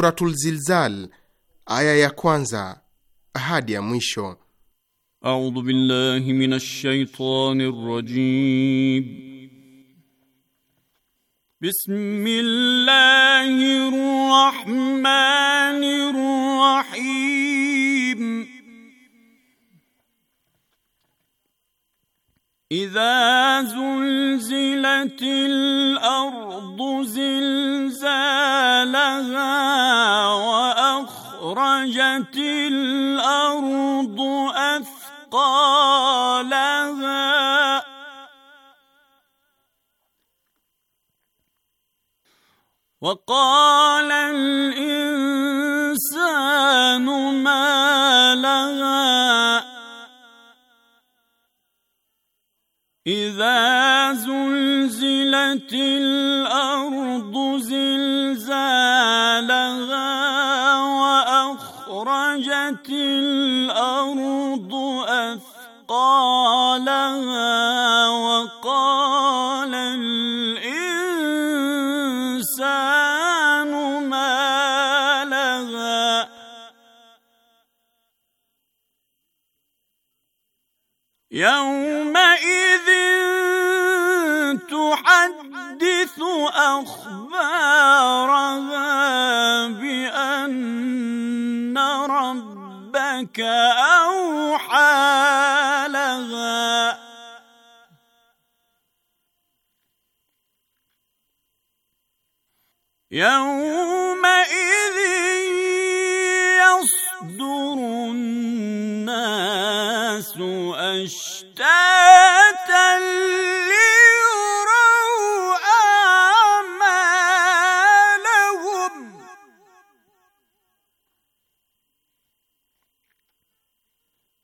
Suratul Zilzal aya ya kwanza hadi ya mwisho. A'udhu billahi minash shaitanir rajim. Bismillahir rahmanir rahim. إذا زلزلت الأرض زلزالها الارض اثقالها وقال الانسان ما لها اذا زلزلت الارض زلزالها أخرجت الأرض أثقالها وقال الإنسان ما لها يومئذ تحدث أخبارها ربك أوحى لها يومئذ يصدر الناس أشتاتا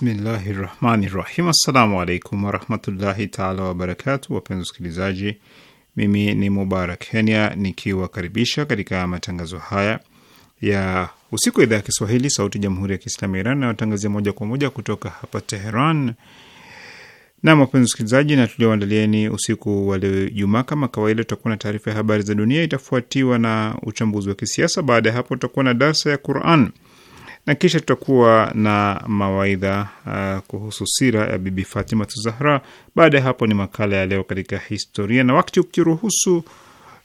Bismillahi rahmani rahim. Assalamu alaikum warahmatullahi taala wabarakatu. Wapenzi wasikilizaji, mimi ni Mubarak Kenya nikiwakaribisha katika matangazo haya ya usiku wa idhaa ya Kiswahili sauti ya jamhuri ya Kiislamu ya Iran nayotangazia moja kwa moja kutoka hapa Teheran. Nam, wapenzi wasikilizaji, na tulioandalieni usiku wa leo Ijumaa, kama kawaida, tutakuwa na taarifa ya habari za dunia, itafuatiwa na uchambuzi wa kisiasa. Baada ya hapo, tutakuwa na darsa ya Quran na kisha tutakuwa na mawaidha uh, kuhusu sira ya Bibi Fatima Zahra. Baada ya hapo ni makala ya leo katika historia, na wakati ukiruhusu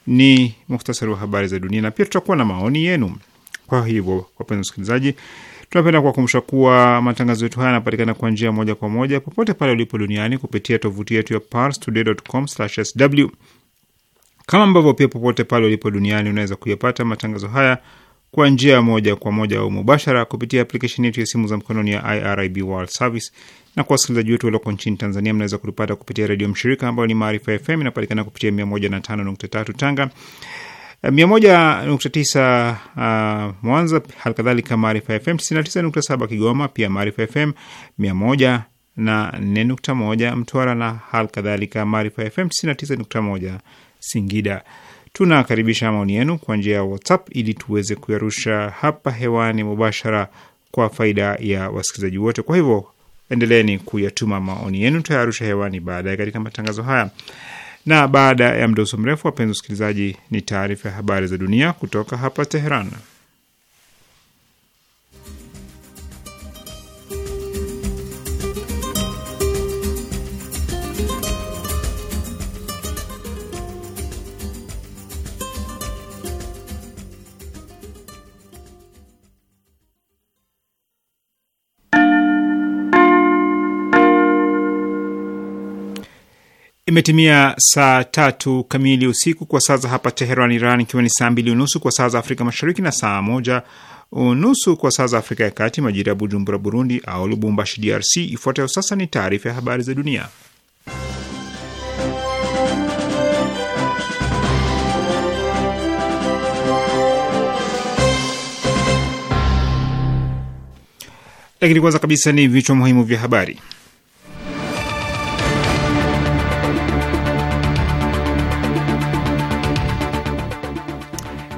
ni muhtasari wa habari za dunia, na pia tutakuwa na maoni yenu. Kwa hivyo, wapenzi wasikilizaji, tunapenda kuwakumbusha kuwa matangazo yetu haya yanapatikana kwa njia moja kwa moja popote pale ulipo duniani kupitia tovuti yetu ya parstoday.com/sw, kama ambavyo pia popote pale ulipo duniani unaweza kuyapata matangazo haya kwa njia moja kwa moja au mubashara kupitia aplikesheni yetu ya simu za mkononi ya IRIB World Service, na kwa wasikilizaji wetu walioko nchini Tanzania, mnaweza kulipata kupitia redio mshirika ambayo ni Maarifa FM, inapatikana kupitia 105.3 Tanga, 101.9 uh, Mwanza, halikadhalika Maarifa FM 99.7 Kigoma, pia Maarifa FM 104.1 Mtwara na halikadhalika Maarifa FM 99.1 Singida. Tunakaribisha maoni yenu kwa njia ya WhatsApp ili tuweze kuyarusha hapa hewani mubashara kwa faida ya wasikilizaji wote. Kwa hivyo endeleeni kuyatuma maoni yenu, tutayarusha hewani baadaye katika matangazo haya. Na baada ya mdoso mrefu, wapenzi wasikilizaji, ni taarifa ya habari za dunia kutoka hapa Teheran. Imetimia saa tatu kamili usiku kwa saa za hapa Teheran, Iran, ikiwa ni saa mbili unusu kwa saa za Afrika Mashariki na saa moja unusu kwa saa za Afrika ya Kati, majira ya Bujumbura, Burundi, au Lubumbashi, DRC. Ifuatayo sasa ni taarifa ya habari za dunia, lakini kwanza kabisa ni vichwa muhimu vya habari.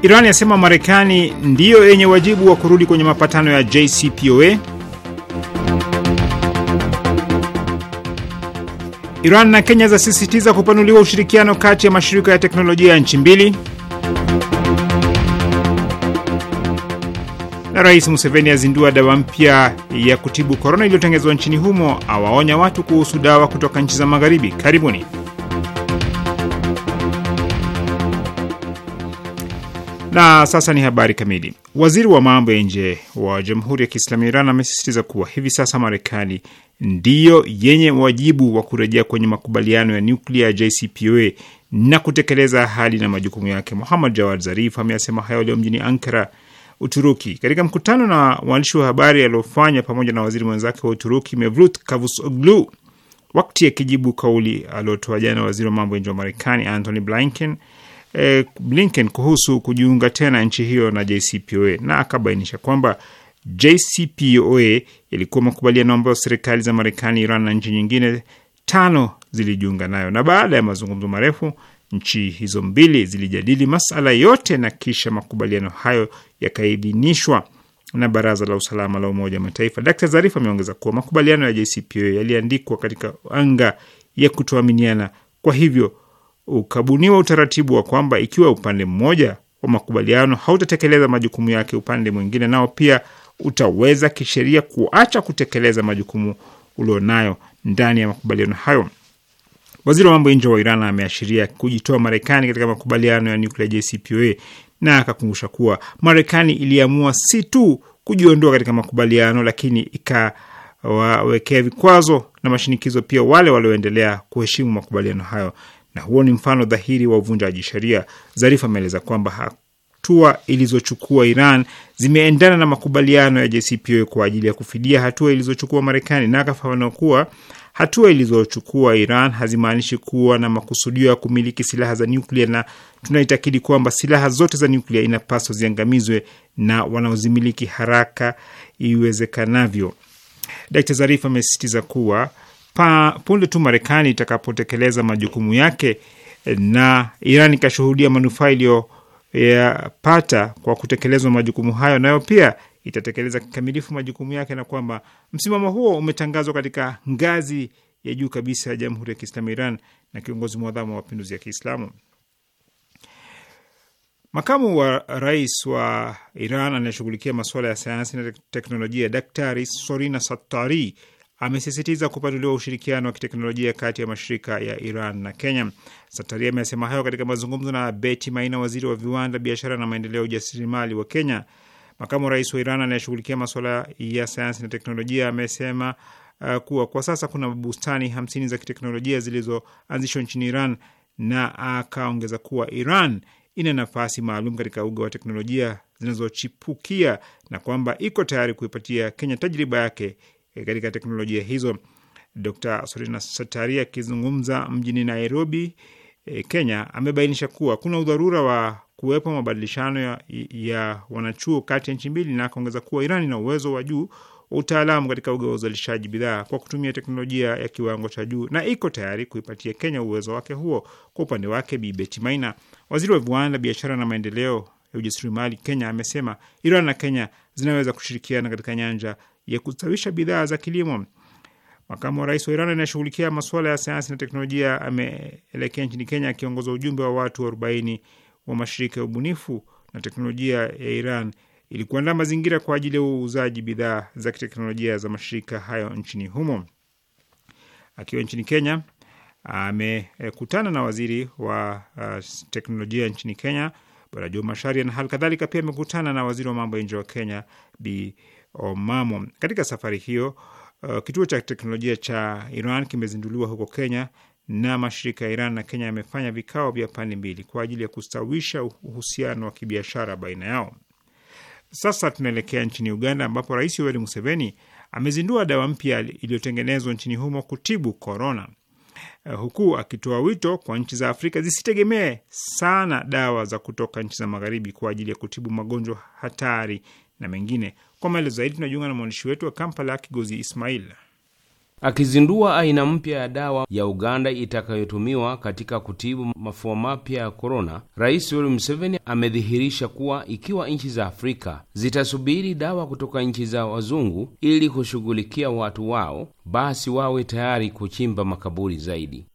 Iran yasema Marekani ndiyo yenye wajibu wa kurudi kwenye mapatano ya JCPOA. Iran na Kenya zasisitiza kupanuliwa ushirikiano kati ya mashirika ya teknolojia ya nchi mbili. Na Rais Museveni azindua dawa mpya ya kutibu korona iliyotengezwa nchini humo, awaonya watu kuhusu dawa kutoka nchi za magharibi. Karibuni. Na sasa ni habari kamili. Waziri wa mambo ya nje wa Jamhuri ya Kiislamu ya Iran amesisitiza kuwa hivi sasa Marekani ndiyo yenye wajibu wa kurejea kwenye makubaliano ya nuklia ya JCPOA na kutekeleza ahadi na majukumu yake. Muhammad Jawad Zarif ameyasema hayo leo mjini Ankara, Uturuki, katika mkutano na waandishi wa habari aliofanya pamoja na waziri mwenzake wa Uturuki Mevlut Cavusoglu wakati akijibu kauli aliotoa jana waziri wa mambo ya nje wa Marekani Antony Blinken eh, Blinken kuhusu kujiunga tena nchi hiyo na JCPOA na akabainisha kwamba JCPOA ilikuwa makubaliano ambayo serikali za Marekani, Iran na nchi nyingine tano zilijiunga nayo, na baada ya mazungumzo marefu nchi hizo mbili zilijadili masala yote na kisha makubaliano hayo yakaidhinishwa na Baraza la Usalama la Umoja wa Mataifa. Dkt Zarif ameongeza kuwa makubaliano ya JCPOA yaliandikwa katika anga ya kutoaminiana, kwa hivyo ukabuniwa utaratibu wa kwamba ikiwa upande mmoja wa makubaliano hautatekeleza majukumu yake, upande mwingine nao pia utaweza kisheria kuacha kutekeleza majukumu ulionayo ndani ya makubaliano hayo. Waziri wa mambo ya nje wa Iran ameashiria kujitoa Marekani katika makubaliano ya nuklia JCPOA na akakumbusha kuwa Marekani iliamua si tu kujiondoa katika makubaliano, lakini ikawawekea vikwazo na mashinikizo pia wale walioendelea kuheshimu makubaliano hayo na huo ni mfano dhahiri wa uvunjaji sheria. Zarif ameeleza kwamba hatua ilizochukua Iran zimeendana na makubaliano ya JCPOA kwa ajili ya kufidia hatua ilizochukua Marekani, na akafafanua kuwa hatua ilizochukua Iran hazimaanishi kuwa na makusudio ya kumiliki silaha za nyuklia, na tunaitakidi kwamba silaha zote za nyuklia inapaswa ziangamizwe na wanaozimiliki haraka iwezekanavyo. Dr Zarif amesisitiza kuwa pa punde tu Marekani itakapotekeleza majukumu yake eh, na Iran ikashuhudia manufaa iliyoyapata kwa kutekelezwa majukumu hayo, nayo pia itatekeleza kikamilifu majukumu yake, na kwamba msimamo huo umetangazwa katika ngazi ya juu kabisa ya Jamhuri ya Kiislamu Iran na kiongozi mwadhamu wa mapinduzi ya Kiislamu. Makamu wa rais wa Iran anayeshughulikia masuala ya sayansi na teknolojia, Daktari Sorina Sattari amesisitiza kupanuliwa ushirikiano wa kiteknolojia kati ya mashirika ya Iran na Kenya. satari amesema hayo katika mazungumzo na Beti Maina, waziri wa viwanda, biashara na maendeleo ya ujasiriamali wa Kenya. Makamu rais wa Iran anayeshughulikia masuala ya sayansi na teknolojia amesema uh, kuwa kwa sasa kuna bustani hamsini za kiteknolojia zilizoanzishwa nchini Iran, na akaongeza kuwa Iran ina nafasi maalum katika uga wa teknolojia zinazochipukia na kwamba iko tayari kuipatia Kenya tajriba yake Eh, katika teknolojia hizo. Dr. Sorina Sataria akizungumza mjini Nairobi, eh, Kenya, amebainisha kuwa kuna udharura wa kuwepo mabadilishano ya, ya wanachuo kati ya nchi mbili na akaongeza kuwa Iran ina uwezo wa juu wa utaalamu katika uga wa uzalishaji bidhaa kwa kutumia teknolojia ya kiwango cha juu na iko tayari kuipatia Kenya uwezo wake huo. Kwa upande wake, Bi Maina, waziri wa viwanda, biashara na maendeleo ya ujasiriamali Kenya, amesema Iran na Kenya zinaweza kushirikiana katika nyanja ya kustawisha bidhaa za kilimo. Makamu wa rais wa Iran anayeshughulikia masuala ya sayansi na teknolojia ameelekea nchini Kenya akiongoza ujumbe wa watu 40 wa mashirika ya ubunifu na teknolojia ya Iran ili kuandaa mazingira kwa ajili ya uuzaji bidhaa za kiteknolojia za mashirika hayo nchini humo. Akiwa nchini Kenya amekutana na waziri wa uh, teknolojia nchini Kenya Bwana Juma Sharia, na hali kadhalika pia amekutana na waziri wa mambo ya nje wa Kenya Bi Omamo. Katika safari hiyo uh, kituo cha teknolojia cha Iran kimezinduliwa huko Kenya na mashirika ya Iran na Kenya yamefanya vikao vya pande mbili kwa ajili ya kustawisha uhusiano wa kibiashara baina yao. Sasa tunaelekea nchini Uganda ambapo Rais Yoweri Museveni amezindua dawa mpya iliyotengenezwa nchini humo kutibu korona, uh, huku akitoa wito kwa nchi za Afrika zisitegemee sana dawa za kutoka nchi za magharibi kwa ajili ya kutibu magonjwa hatari na mengine. Kwa maelezo zaidi tunajiunga na mwandishi wetu wa Kampala, Kigozi Ismail. Akizindua aina mpya ya dawa ya Uganda itakayotumiwa katika kutibu mafua mapya ya korona, Rais Yoweri Museveni amedhihirisha kuwa ikiwa nchi za Afrika zitasubiri dawa kutoka nchi za wazungu ili kushughulikia watu wao, basi wawe tayari kuchimba makaburi zaidi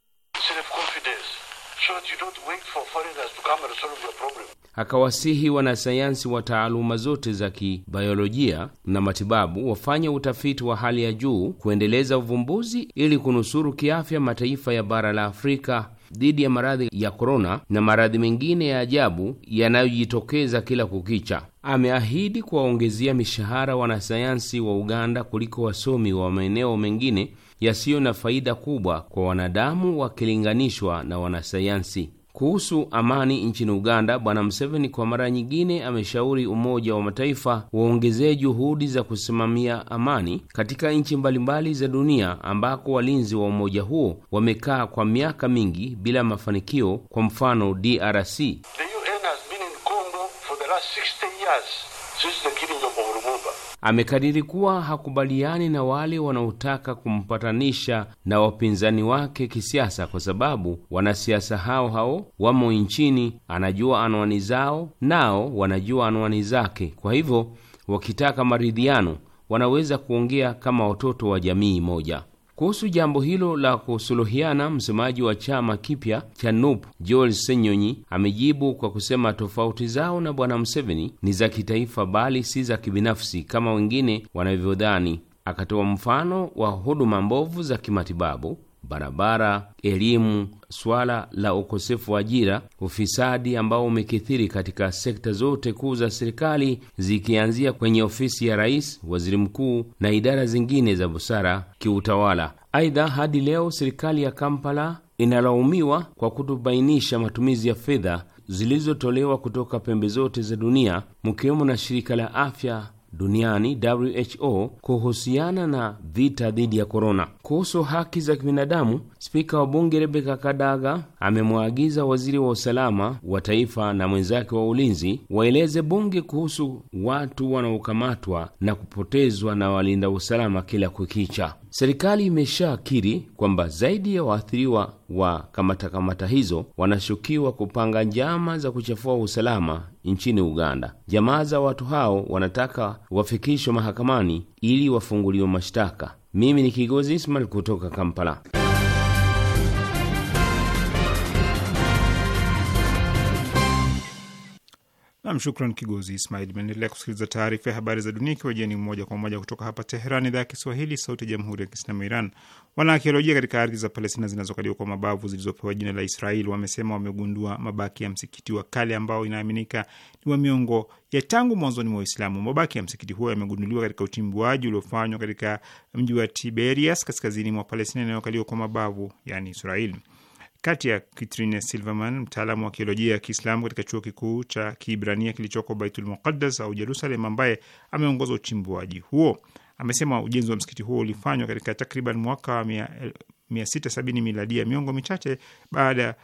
akawasihi wanasayansi wa taaluma zote za kibayolojia na matibabu wafanye utafiti wa hali ya juu kuendeleza uvumbuzi ili kunusuru kiafya mataifa ya bara la Afrika dhidi ya maradhi ya korona na maradhi mengine ya ajabu yanayojitokeza kila kukicha. Ameahidi kuwaongezea mishahara wanasayansi wa Uganda kuliko wasomi wa maeneo mengine yasiyo na faida kubwa kwa wanadamu wakilinganishwa na wanasayansi kuhusu amani nchini Uganda, Bwana Museveni kwa mara nyingine ameshauri Umoja wa Mataifa waongezee juhudi za kusimamia amani katika nchi mbalimbali za dunia ambako walinzi wa umoja huo wamekaa kwa miaka mingi bila mafanikio, kwa mfano DRC. The UN has been in Congo for the last 60 years since the killing of Lumumba amekadiri kuwa hakubaliani na wale wanaotaka kumpatanisha na wapinzani wake kisiasa, kwa sababu wanasiasa hao hao wamo nchini, anajua anwani zao, nao wanajua anwani zake. Kwa hivyo wakitaka maridhiano, wanaweza kuongea kama watoto wa jamii moja. Kuhusu jambo hilo la kusuluhiana, msemaji wa chama kipya cha NUP Joel Senyonyi amejibu kwa kusema tofauti zao na Bwana Museveni ni za kitaifa, bali si za kibinafsi kama wengine wanavyodhani. Akatoa mfano wa huduma mbovu za kimatibabu barabara, elimu, swala la ukosefu wa ajira, ufisadi ambao umekithiri katika sekta zote kuu za serikali, zikianzia kwenye ofisi ya rais, waziri mkuu na idara zingine za busara kiutawala. Aidha, hadi leo serikali ya Kampala inalaumiwa kwa kutobainisha matumizi ya fedha zilizotolewa kutoka pembe zote za dunia mkiwemo na shirika la afya duniani WHO kuhusiana na vita dhidi ya korona. Kuhusu haki za kibinadamu, Spika wa bunge Rebeka Kadaga amemwagiza waziri wa usalama wa taifa na mwenzake wa ulinzi waeleze bunge kuhusu watu wanaokamatwa na kupotezwa na walinda usalama kila kukicha. Serikali imeshakiri kwamba zaidi ya waathiriwa wa kamatakamata kamata hizo wanashukiwa kupanga njama za kuchafua usalama nchini Uganda. Jamaa za watu hao wanataka wafikishwe mahakamani ili wafunguliwe mashtaka. Mimi ni Kigozi Ismail kutoka Kampala. Nam, shukran Kigozi Ismail. Imeendelea kusikiliza taarifa ya habari za dunia ikiwa jeni moja kwa moja kutoka hapa Teheran, idhaa ya Kiswahili, sauti ya jamhuri ya kiislamu Iran. Wanaakiolojia katika ardhi za Palestina zinazokaliwa kwa mabavu zilizopewa jina la Israel wamesema wamegundua mabaki ya msikiti wa kale ambao inaaminika ni wa miongo ya tangu mwanzoni mwa Uislamu. Mabaki ya msikiti huo yamegunduliwa katika uchimbuaji uliofanywa katika mji wa Tiberias kaskazini mwa Palestina inayokaliwa kwa mabavu, yani Israel kati ya Katrina Silverman, mtaalamu wa kiolojia ya Kiislamu katika chuo kikuu cha Kiibrania kilichoko Baitul Muqaddas au Jerusalem, ambaye ameongoza uchimbuaji huo. Amesema ujenzi wa msikiti huo ulifanywa katika takriban mwaka wa 670 miladia, miongo michache baada ya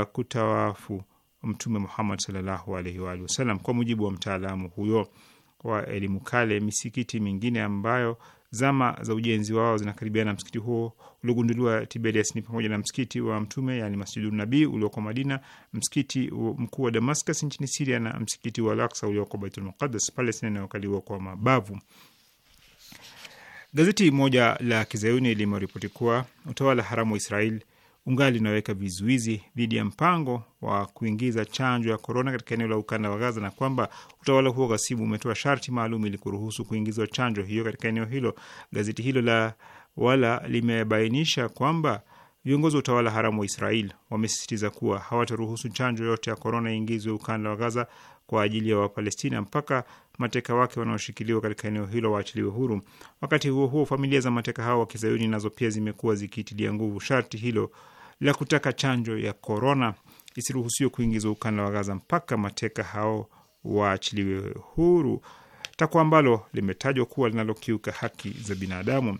uh, kutawafu Mtume Muhammad sallallahu alaihi wa alihi wasallam. Kwa mujibu wa mtaalamu huyo wa elimu kale, misikiti mingine ambayo Zama za ujenzi wao zinakaribiana na msikiti huo uliogunduliwa Tiberias ni pamoja na msikiti wa Mtume, yani Masjidun Nabii ulioko Madina, msikiti mkuu wa Damascus nchini Siria na msikiti wa Al-Aqsa ulioko Baitul Muqaddas, Palestina inayokaliwa kwa mabavu. Gazeti moja la kizayuni limeripoti kuwa utawala haramu wa Israel ungali inaweka vizuizi dhidi ya mpango wa kuingiza chanjo ya korona katika eneo la ukanda wa Gaza na kwamba utawala huo ghasibu umetoa sharti maalum ili kuruhusu kuingizwa chanjo hiyo katika eneo hilo. Gazeti hilo la Wala limebainisha kwamba viongozi wa utawala haramu wa Israel wamesisitiza kuwa hawataruhusu chanjo yote ya korona iingizwe ukanda wa Gaza kwa ajili ya Wapalestina mpaka mateka wake wanaoshikiliwa katika eneo hilo waachiliwe huru. Wakati huo huo, familia za mateka hao wa kizayuni nazo pia zimekuwa zikiitilia nguvu sharti hilo la kutaka chanjo ya korona isiruhusiwe kuingizwa ukanda wa Gaza mpaka mateka hao waachiliwe huru, takwa ambalo limetajwa kuwa linalokiuka haki za binadamu.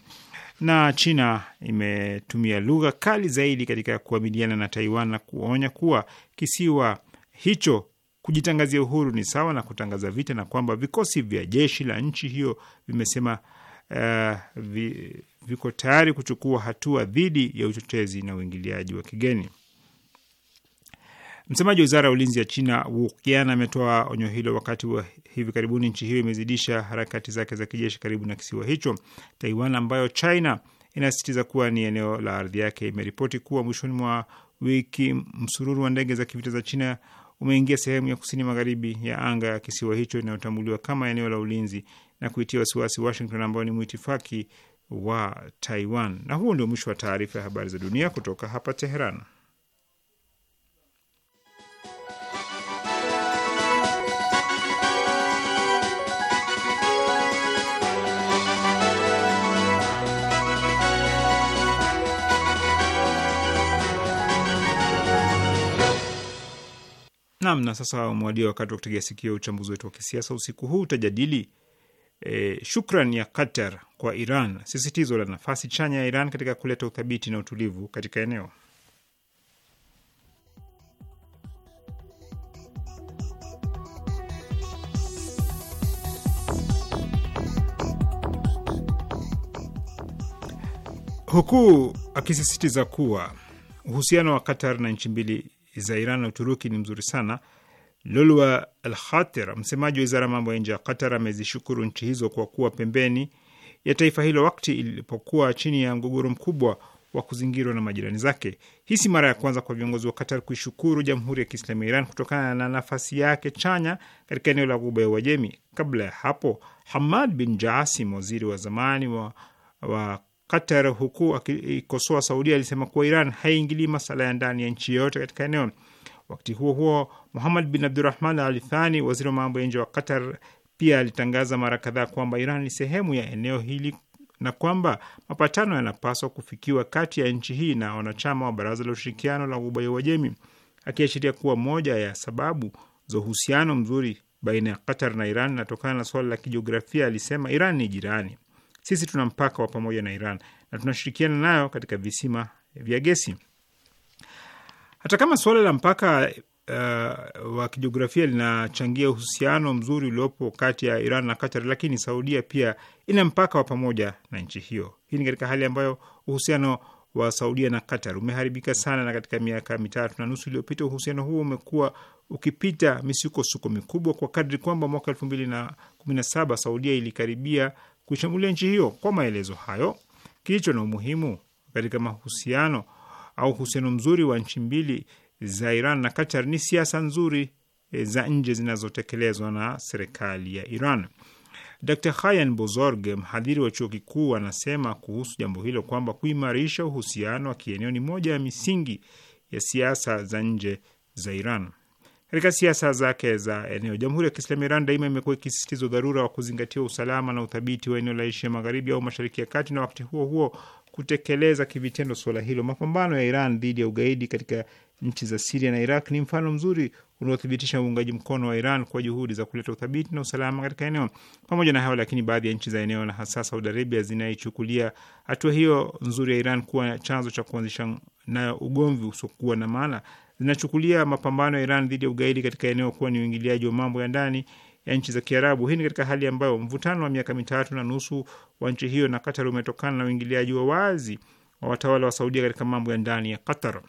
Na China imetumia lugha kali zaidi katika kuamiliana na Taiwan na kuonya kuwa kisiwa hicho kujitangazia uhuru ni sawa na kutangaza vita, na kwamba vikosi vya jeshi la nchi hiyo vimesema Eh, viko tayari kuchukua hatua dhidi ya uchochezi na uingiliaji wa kigeni. Msemaji wa wizara ya ulinzi ya China Wu Qian ametoa onyo hilo wakati wa hivi karibuni nchi hiyo imezidisha harakati zake za kijeshi karibu na kisiwa hicho. Taiwan ambayo China inasisitiza kuwa ni eneo la ardhi yake imeripoti kuwa mwishoni mwa wiki msururu wa ndege za kivita za China umeingia sehemu ya kusini magharibi ya anga ya kisiwa hicho inayotambuliwa kama eneo la ulinzi na kuitia wasiwasi Washington ambayo ni mwitifaki wa Taiwan. Na huo ndio mwisho wa taarifa ya habari za dunia kutoka hapa Teheran. Nam, na sasa umewadia wakati wa kutegea sikio. Uchambuzi wetu wa kisiasa usiku huu utajadili e, shukran ya Qatar kwa Iran, sisitizo la nafasi chanya ya Iran katika kuleta uthabiti na utulivu katika eneo. Huku akisisitiza kuwa uhusiano wa Qatar na nchi mbili za Iran na Uturuki ni mzuri sana, Lulwa Al Khatir, msemaji wa wizara ya mambo ya nje ya Qatar, amezishukuru nchi hizo kwa kuwa pembeni ya taifa hilo wakati ilipokuwa chini ya mgogoro mkubwa wa kuzingirwa na majirani zake. Hii si mara ya kwanza kwa viongozi wa Qatar kuishukuru Jamhuri ya Kiislamu ya Iran kutokana na nafasi yake chanya katika eneo la Ghuba ya Uajemi. Kabla ya hapo, Hamad bin Jasim, waziri wa zamani wa, wa Qatar, huku akikosoa Saudia, alisema kuwa Iran haiingilii masala ya ndani ya nchi yoyote katika eneo. Wakati huo huo, Muhamad bin Abdurahman Al Thani, waziri wa mambo ya nje wa Qatar, pia alitangaza mara kadhaa kwamba Iran ni sehemu ya eneo hili na kwamba mapatano yanapaswa kufikiwa kati ya nchi hii na wanachama wa Baraza la Ushirikiano la Ghuba ya Uajemi, akiashiria kuwa moja ya sababu za uhusiano mzuri baina ya Qatar na Iran inatokana na suala la kijiografia. Alisema Iran ni jirani, sisi tuna mpaka wa pamoja na Iran na tunashirikiana nayo katika visima vya gesi hata kama suala la mpaka uh, wa kijiografia linachangia uhusiano mzuri uliopo kati ya Iran na Qatar, lakini Saudia pia ina mpaka wa pamoja na nchi hiyo. Hii ni katika hali ambayo uhusiano wa Saudia na Qatar umeharibika sana, na katika miaka mitatu na nusu iliyopita uhusiano huo umekuwa ukipita misukosuko mikubwa kwa kadri kwamba mwaka elfu mbili na kumi na saba Saudia ilikaribia kuishambulia nchi hiyo. Kwa maelezo hayo, kilicho na umuhimu katika mahusiano au uhusiano mzuri wa nchi mbili za Iran na Qatar ni siasa nzuri e, za nje zinazotekelezwa na serikali ya Iran. Dr Hayan Bozorg, mhadhiri wa chuo kikuu, anasema kuhusu jambo hilo kwamba kuimarisha uhusiano wa kieneo ni moja ya misingi ya siasa za nje za Iran. Katika siasa zake za eneo, Jamhuri ya Kiislamu Iran daima imekuwa ikisisitiza udharura wa kuzingatia usalama na uthabiti wa eneo la Asia Magharibi au Mashariki ya Kati, na wakati huo huo kutekeleza kivitendo suala hilo. Mapambano ya Iran dhidi ya ugaidi katika nchi za Siria na Iraq ni mfano mzuri unaothibitisha uungaji mkono wa Iran kwa juhudi za kuleta uthabiti na usalama katika eneo. Pamoja na hayo lakini, baadhi ya nchi za eneo na hasa Saudi Arabia zinaichukulia hatua hiyo nzuri ya Iran kuwa chanzo cha kuanzisha nayo ugomvi usiokuwa na maana. Zinachukulia mapambano ya Iran dhidi ya ugaidi katika eneo kuwa ni uingiliaji wa mambo ya ndani ya nchi za Kiarabu. Hii ni katika hali ambayo mvutano wa miaka mitatu na nusu wa nchi hiyo na Qatar umetokana na uingiliaji wa wazi wa watawala wa Saudia katika mambo ya ndani ya Qatar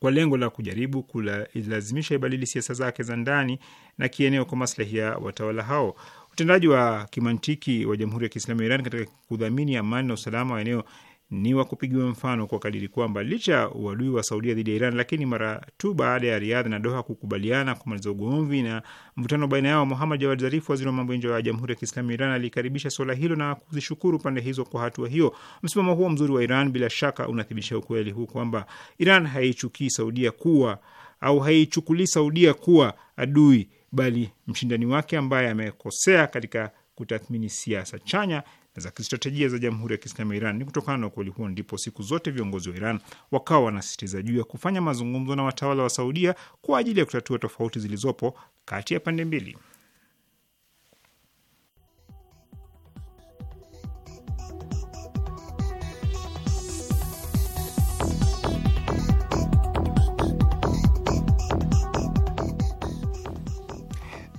kwa lengo la kujaribu kulazimisha ibadili siasa zake za ndani na kieneo kwa maslahi ya watawala hao. Utendaji wa kimantiki wa Jamhuri ya Kiislamu ya Iran katika kudhamini amani na usalama wa eneo ni wa kupigiwa mfano kwa kadiri kwamba licha ya uadui wa Saudia dhidi ya Iran, lakini mara tu baada ya Riadha na Doha kukubaliana kumaliza ugomvi na mvutano baina yao, Muhammad Jawad Zarif, waziri wa mambo ya nje wa Jamhuri ya Kiislamu Iran, alikaribisha suala hilo na kuzishukuru pande hizo kwa hatua hiyo. Msimamo huo mzuri wa Iran bila shaka unathibitisha ukweli huu kwamba Iran haichukii Saudia kuwa au haichukulii Saudia kuwa adui, bali mshindani wake ambaye amekosea katika kutathmini siasa chanya za kistratejia za Jamhuri ya Kiislamu ya Iran. Ni kutokana na ukweli huo ndipo siku zote viongozi wa Iran wakawa wanasisitiza juu ya kufanya mazungumzo na watawala wa Saudia kwa ajili ya kutatua tofauti zilizopo kati ya pande mbili.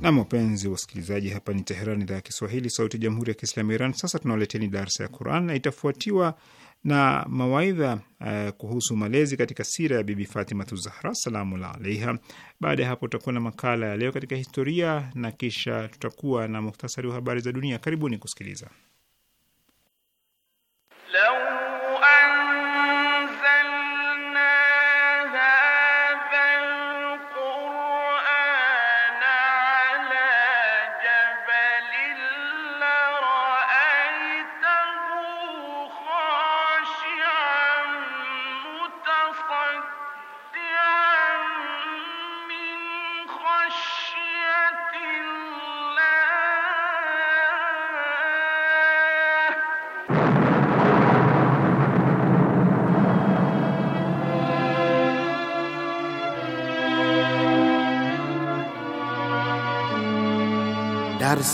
Nam, wapenzi wasikilizaji, hapa ni Teheran, idhaa ya Kiswahili, sauti ya jamhuri ya kiislamu Iran. Sasa tunawaleteni darsa ya Quran na itafuatiwa na mawaidha uh, kuhusu malezi katika sira ya Bibi Fatimatu Zahra salamullah alaiha. Baada ya hapo, tutakuwa na makala ya leo katika historia na kisha tutakuwa na muhtasari wa habari za dunia. Karibuni kusikiliza.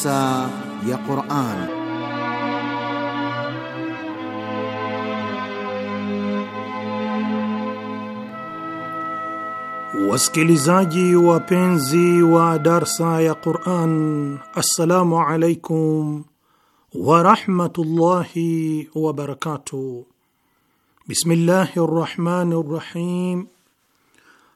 darsa ya Qur'an. Wasikilizaji wapenzi wa darsa ya Qur'an, assalamu alaikum wa rahmatullahi wa barakatuh. Bismillahir rahmanir rahim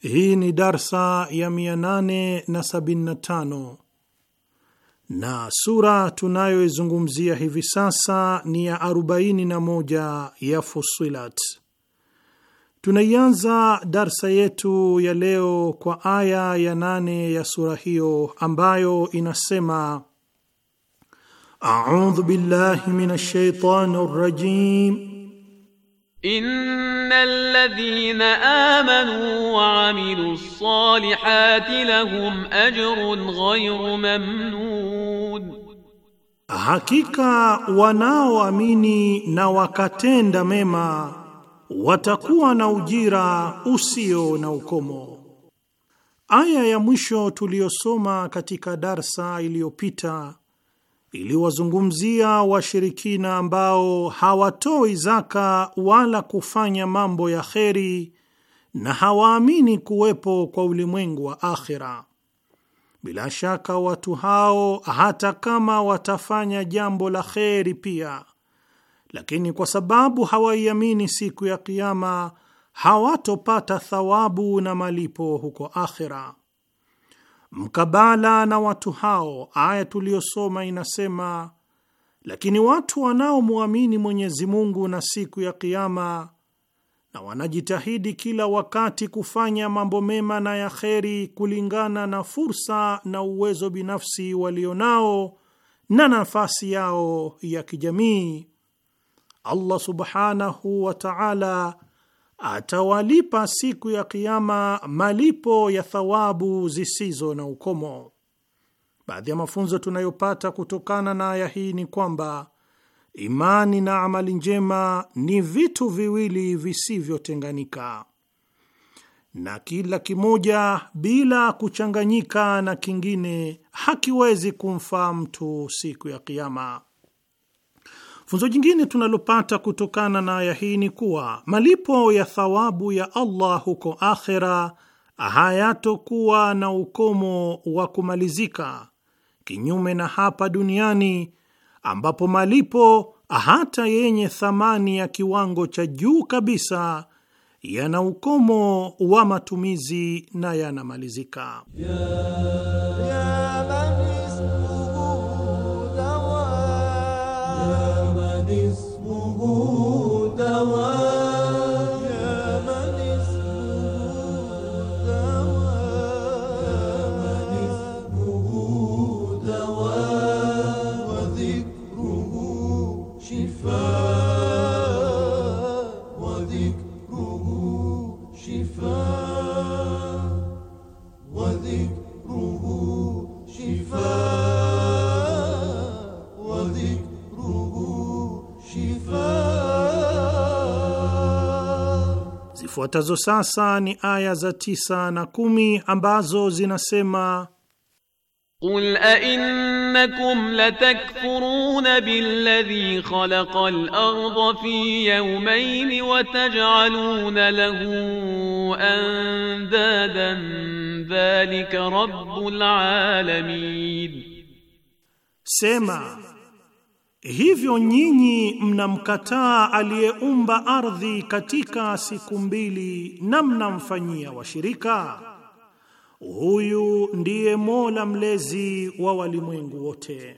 Hii ni darsa ya 875 na sura tunayoizungumzia hivi sasa ni ya 41 ya Fusilat. Tunaianza darsa yetu ya leo kwa aya ya 8 ya sura hiyo ambayo inasema: audhu billahi minash shaitani Inna alladhina amanu wa amilu ssalihati lahum ajrun ghayru mamnun, hakika wanaoamini na wakatenda mema watakuwa na ujira usio na ukomo. Aya ya mwisho tuliyosoma katika darsa iliyopita iliwazungumzia washirikina ambao hawatoi zaka wala kufanya mambo ya kheri na hawaamini kuwepo kwa ulimwengu wa akhira. Bila shaka watu hao hata kama watafanya jambo la kheri pia, lakini kwa sababu hawaiamini siku ya Kiama hawatopata thawabu na malipo huko akhira. Mkabala na watu hao, aya tuliyosoma inasema, lakini watu wanaomwamini Mwenyezi Mungu na siku ya Kiama na wanajitahidi kila wakati kufanya mambo mema na ya kheri kulingana na fursa na uwezo binafsi walionao na nafasi yao ya kijamii, Allah subhanahu wa taala atawalipa siku ya Kiama malipo ya thawabu zisizo na ukomo. Baadhi ya mafunzo tunayopata kutokana na aya hii ni kwamba imani na amali njema ni vitu viwili visivyotenganika, na kila kimoja bila kuchanganyika na kingine hakiwezi kumfaa mtu siku ya Kiama. Funzo jingine tunalopata kutokana na aya hii ni kuwa malipo ya thawabu ya Allah huko akhera hayatokuwa na ukomo wa kumalizika, kinyume na hapa duniani ambapo malipo hata yenye thamani ya kiwango cha juu kabisa yana ukomo wa matumizi na yanamalizika ya, ya. Zifuatazo sasa ni aya za tisa na kumi ambazo zinasema Qul ainnakum latakfuruna billadhi khalaqa al-ardha fi yawmayn wa taj'aluna lahu andadan dhalika rabbul alamin, Sema Hivyo nyinyi mnamkataa aliyeumba ardhi katika siku mbili na mnamfanyia washirika. Huyu ndiye Mola mlezi wa walimwengu wote.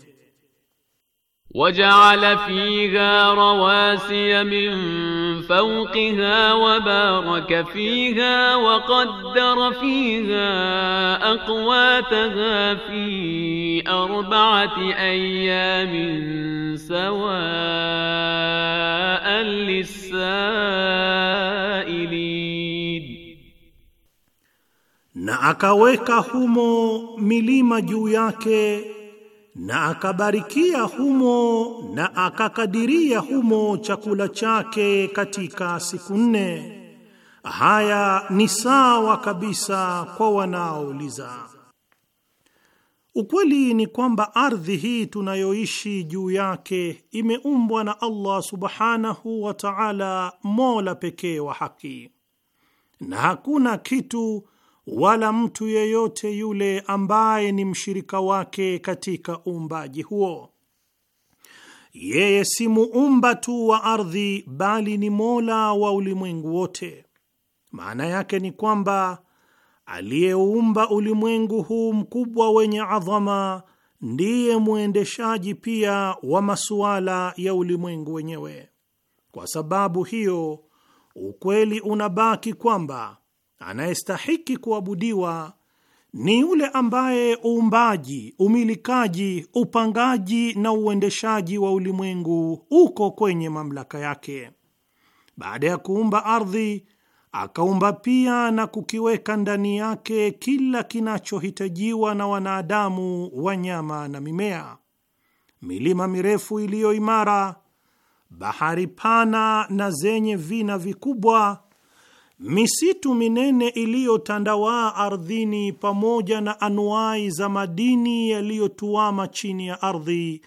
وجعل فيها رواسي من فوقها وبارك فيها وقدر فيها أقواتها في أربعة أيام سواء للسائلين na akaweka humo milima juu yake na akabarikia humo na akakadiria humo chakula chake katika siku nne. Haya ni sawa kabisa kwa wanaouliza. Ukweli ni kwamba ardhi hii tunayoishi juu yake imeumbwa na Allah subhanahu wa ta'ala, mola pekee wa haki, na hakuna kitu wala mtu yeyote yule ambaye ni mshirika wake katika uumbaji huo. Yeye si muumba tu wa ardhi, bali ni mola wa ulimwengu wote. Maana yake ni kwamba aliyeumba ulimwengu huu mkubwa wenye adhama ndiye mwendeshaji pia wa masuala ya ulimwengu wenyewe. Kwa sababu hiyo, ukweli unabaki kwamba anayestahiki kuabudiwa ni yule ambaye uumbaji, umilikaji, upangaji na uendeshaji wa ulimwengu uko kwenye mamlaka yake. Baada ya kuumba ardhi, akaumba pia na kukiweka ndani yake kila kinachohitajiwa na wanadamu, wanyama na mimea, milima mirefu iliyo imara, bahari pana na zenye vina vikubwa Misitu minene iliyotandawaa ardhini pamoja na anuai za madini yaliyotuama chini ya ardhi,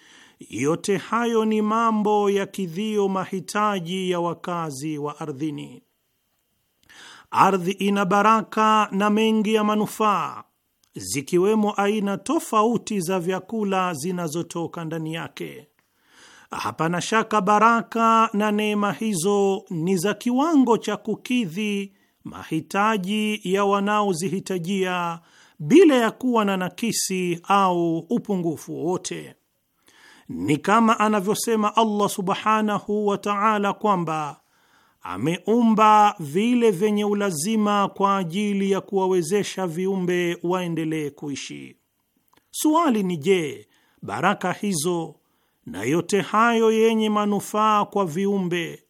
yote hayo ni mambo yakidhio mahitaji ya wakazi wa ardhini. Ardhi ina baraka na mengi ya manufaa, zikiwemo aina tofauti za vyakula zinazotoka ndani yake. Hapana shaka baraka na neema hizo ni za kiwango cha kukidhi mahitaji ya wanaozihitajia bila ya kuwa na nakisi au upungufu wowote. Ni kama anavyosema Allah subhanahu wa ta'ala kwamba ameumba vile vyenye ulazima kwa ajili ya kuwawezesha viumbe waendelee kuishi. Suali ni je, baraka hizo na yote hayo yenye manufaa kwa viumbe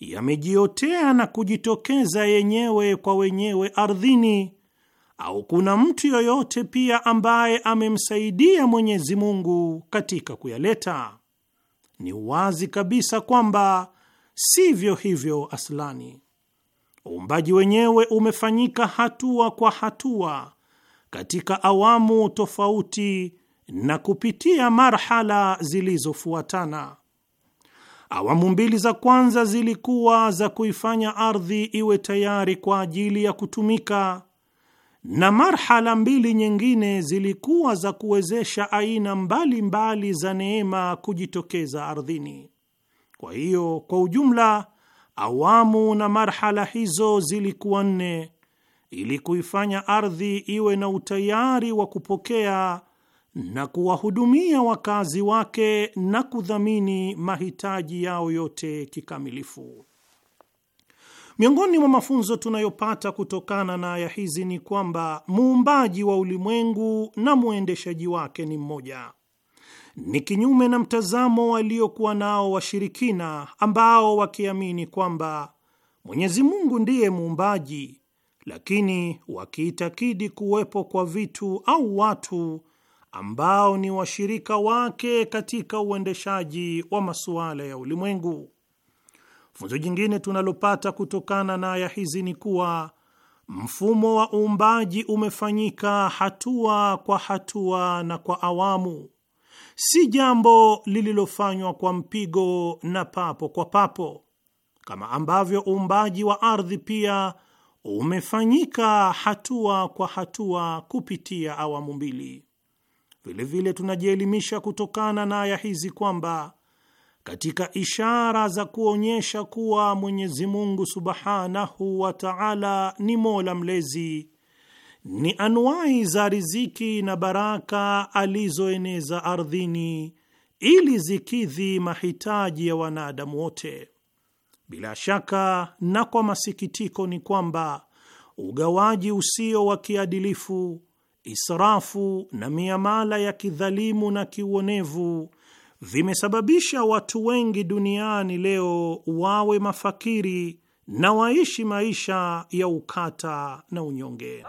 yamejiotea na kujitokeza yenyewe kwa wenyewe ardhini, au kuna mtu yoyote pia ambaye amemsaidia Mwenyezi Mungu katika kuyaleta? Ni wazi kabisa kwamba sivyo hivyo aslani. Uumbaji wenyewe umefanyika hatua kwa hatua katika awamu tofauti na kupitia marhala zilizofuatana. Awamu mbili za kwanza zilikuwa za kuifanya ardhi iwe tayari kwa ajili ya kutumika, na marhala mbili nyingine zilikuwa za kuwezesha aina mbalimbali mbali za neema kujitokeza ardhini. Kwa hiyo, kwa ujumla, awamu na marhala hizo zilikuwa nne ili kuifanya ardhi iwe na utayari wa kupokea na kuwahudumia wakazi wake na kudhamini mahitaji yao yote kikamilifu. Miongoni mwa mafunzo tunayopata kutokana na aya hizi ni kwamba muumbaji wa ulimwengu na mwendeshaji wake ni mmoja. Ni kinyume na mtazamo waliokuwa nao washirikina ambao wakiamini kwamba Mwenyezi Mungu ndiye muumbaji, lakini wakiitakidi kuwepo kwa vitu au watu ambao ni washirika wake katika uendeshaji wa masuala ya ulimwengu. Funzo jingine tunalopata kutokana na aya hizi ni kuwa mfumo wa uumbaji umefanyika hatua kwa hatua na kwa awamu, si jambo lililofanywa kwa mpigo na papo kwa papo, kama ambavyo uumbaji wa ardhi pia umefanyika hatua kwa hatua kupitia awamu mbili. Vilevile tunajielimisha kutokana na aya hizi kwamba katika ishara za kuonyesha kuwa Mwenyezi Mungu Subhanahu wa Ta'ala ni Mola mlezi ni anuwai za riziki na baraka alizoeneza ardhini ili zikidhi mahitaji ya wanadamu wote. Bila shaka na kwa masikitiko ni kwamba ugawaji usio wa kiadilifu israfu na miamala ya kidhalimu na kiuonevu vimesababisha watu wengi duniani leo wawe mafakiri na waishi maisha ya ukata na unyonge.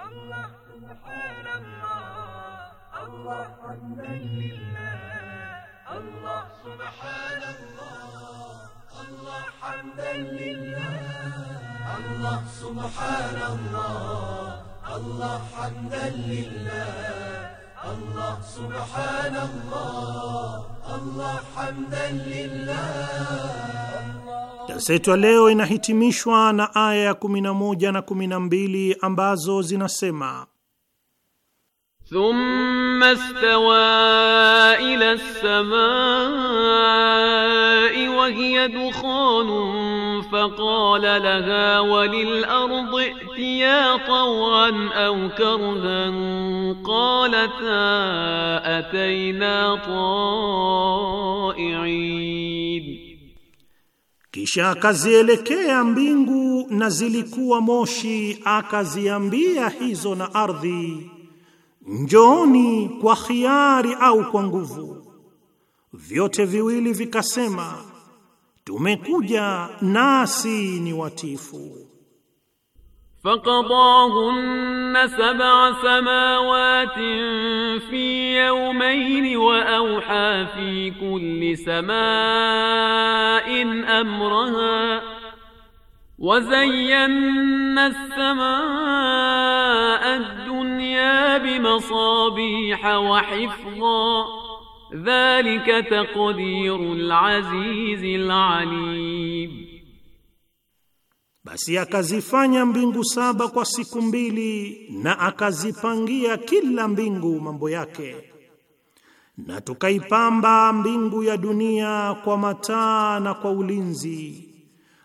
Allah, الله حمدا لله الله سبحان الله الله hamdan لله Darsa yetu ya leo inahitimishwa na aya ya 11 na 12 ambazo zinasema Thumma stawa ila as wa hiya dukhanun فقال لها وللأرض ائتيا طوعا أو كرها قالتا أتينا طائعين Kisha akazielekea mbingu na zilikuwa moshi, akaziambia hizo na ardhi, njooni kwa khiari au kwa nguvu. Vyote viwili vikasema tumekuja nasi ni watifu. فقضاهن سبع سماوات في يومين وأوحى في كل سماء أمرها وزينا السماء الدنيا بمصابيح وحفظا Dhalika taqdirul azizil alim, basi akazifanya mbingu saba kwa siku mbili na akazipangia kila mbingu mambo yake, na tukaipamba mbingu ya dunia kwa mataa na kwa ulinzi.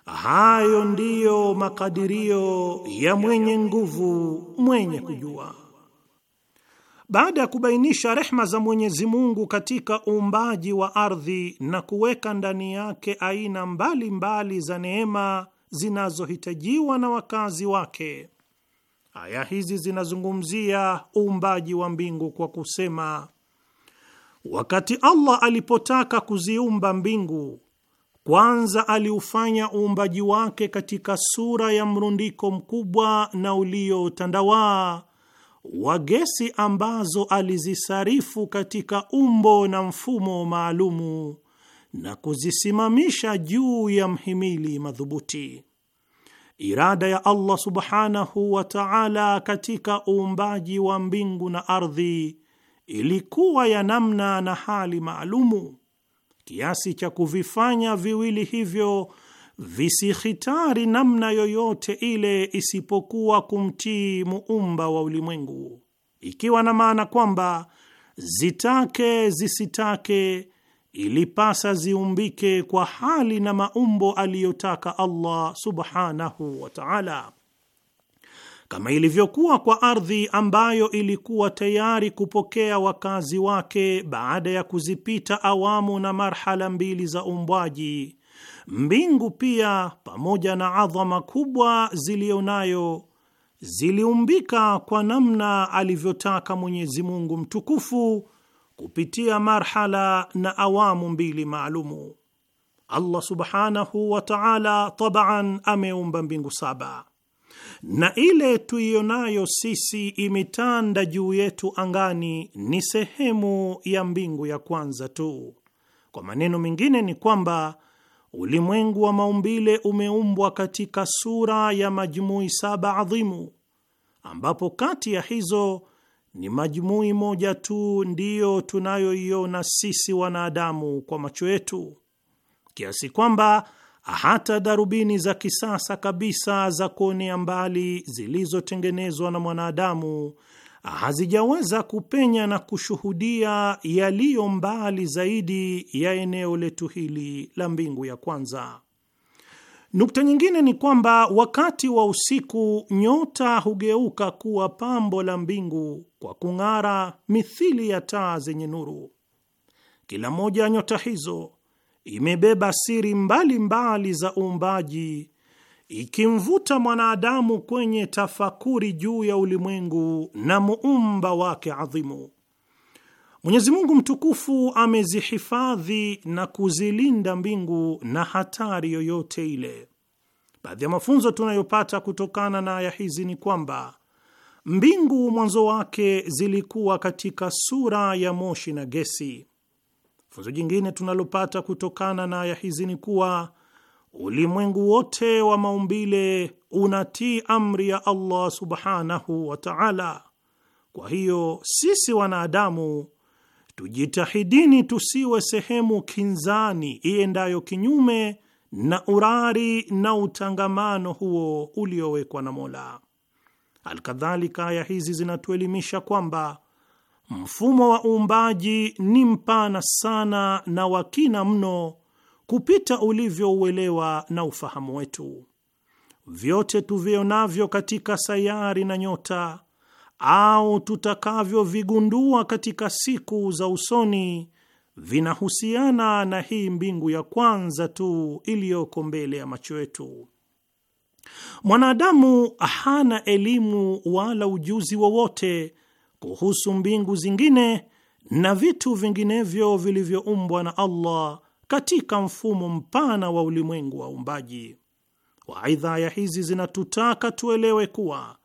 Hayo ndiyo makadirio ya mwenye nguvu mwenye kujua. Baada ya kubainisha rehma za Mwenyezi Mungu katika uumbaji wa ardhi na kuweka ndani yake aina mbalimbali mbali za neema zinazohitajiwa na wakazi wake, aya hizi zinazungumzia uumbaji wa mbingu kwa kusema, wakati Allah alipotaka kuziumba mbingu, kwanza aliufanya uumbaji wake katika sura ya mrundiko mkubwa na uliotandawaa wa gesi ambazo alizisarifu katika umbo na mfumo maalumu na kuzisimamisha juu ya mhimili madhubuti. Irada ya Allah subhanahu wa ta'ala katika uumbaji wa mbingu na ardhi ilikuwa ya namna na hali maalumu kiasi cha kuvifanya viwili hivyo visihitari namna yoyote ile isipokuwa kumtii muumba wa ulimwengu, ikiwa na maana kwamba zitake zisitake, ilipasa ziumbike kwa hali na maumbo aliyotaka Allah subhanahu wa ta'ala, kama ilivyokuwa kwa ardhi ambayo ilikuwa tayari kupokea wakazi wake baada ya kuzipita awamu na marhala mbili za umbwaji Mbingu pia pamoja na adhama kubwa nayo ziliumbika kwa namna alivyotaka Mwenyezi Mungu mtukufu kupitia marhala na awamu mbili maalumu. Allah subhanahu wa ta'ala tabaan ameumba mbingu saba, na ile tuiyonayo sisi imetanda juu yetu angani ni sehemu ya mbingu ya kwanza tu. Kwa maneno mengine ni kwamba Ulimwengu wa maumbile umeumbwa katika sura ya majumui saba adhimu, ambapo kati ya hizo ni majumui moja tu ndiyo tunayoiona sisi wanadamu kwa macho yetu, kiasi kwamba hata darubini za kisasa kabisa za kuonea mbali zilizotengenezwa na mwanadamu hazijaweza kupenya na kushuhudia yaliyo mbali zaidi ya eneo letu hili la mbingu ya kwanza. Nukta nyingine ni kwamba wakati wa usiku nyota hugeuka kuwa pambo la mbingu kwa kung'ara mithili ya taa zenye nuru. Kila moja ya nyota hizo imebeba siri mbalimbali mbali za uumbaji ikimvuta mwanadamu kwenye tafakuri juu ya ulimwengu na muumba wake adhimu. Mwenyezi Mungu mtukufu amezihifadhi na kuzilinda mbingu na hatari yoyote ile. Baadhi ya mafunzo tunayopata kutokana na aya hizi ni kwamba mbingu mwanzo wake zilikuwa katika sura ya moshi na gesi. Funzo jingine tunalopata kutokana na aya hizi ni kuwa ulimwengu wote wa maumbile unatii amri ya Allah subhanahu wa ta'ala. Kwa hiyo sisi wanadamu tujitahidini tusiwe sehemu kinzani iendayo kinyume na urari na utangamano huo uliowekwa na Mola. Alkadhalika, aya hizi zinatuelimisha kwamba mfumo wa uumbaji ni mpana sana na wa kina mno kupita ulivyouelewa na ufahamu wetu. Vyote tuvionavyo katika sayari na nyota au tutakavyovigundua katika siku za usoni vinahusiana na hii mbingu ya kwanza tu iliyoko mbele ya macho yetu. Mwanadamu hana elimu wala ujuzi wowote wa kuhusu mbingu zingine na vitu vinginevyo vilivyoumbwa na Allah katika mfumo mpana wa ulimwengu wa uumbaji. Waidha, aya hizi zinatutaka tuelewe kuwa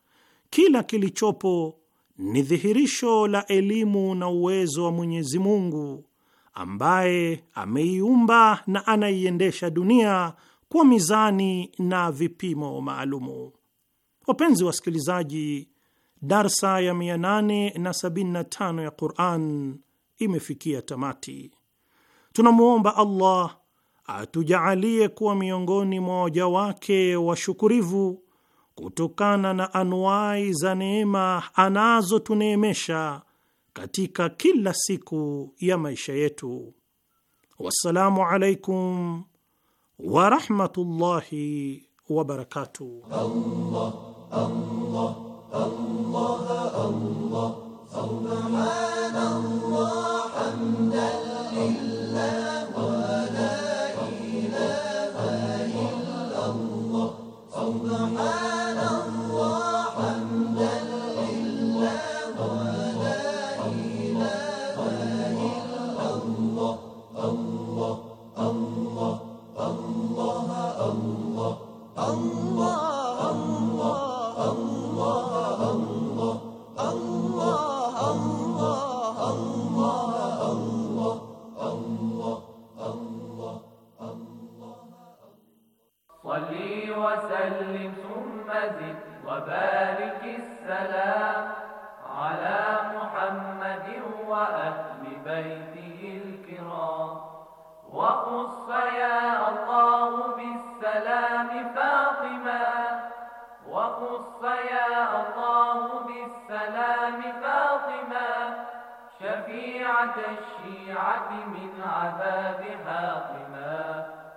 kila kilichopo ni dhihirisho la elimu na uwezo wa Mwenyezi Mungu ambaye ameiumba na anaiendesha dunia kwa mizani na vipimo maalumu. Wapenzi wasikilizaji, darsa ya 875 ya Qur'an imefikia tamati. Tunamwomba Allah atujaalie kuwa miongoni mwa waja wake washukurivu kutokana na anuwai za neema anazotuneemesha katika kila siku ya maisha yetu. Wassalamu alaikum warahmatullahi wabarakatuh. Allah, Allah, Allah, Allah. سبحان الله حمدا لله ولا إله إلا الله وسلم ثم زد وبارك السلام على محمد وأهل بيته الكرام وخص يا الله بالسلام فاطمة وخص يا الله بالسلام فاطمة شفيعة الشيعة من عذاب حاطمة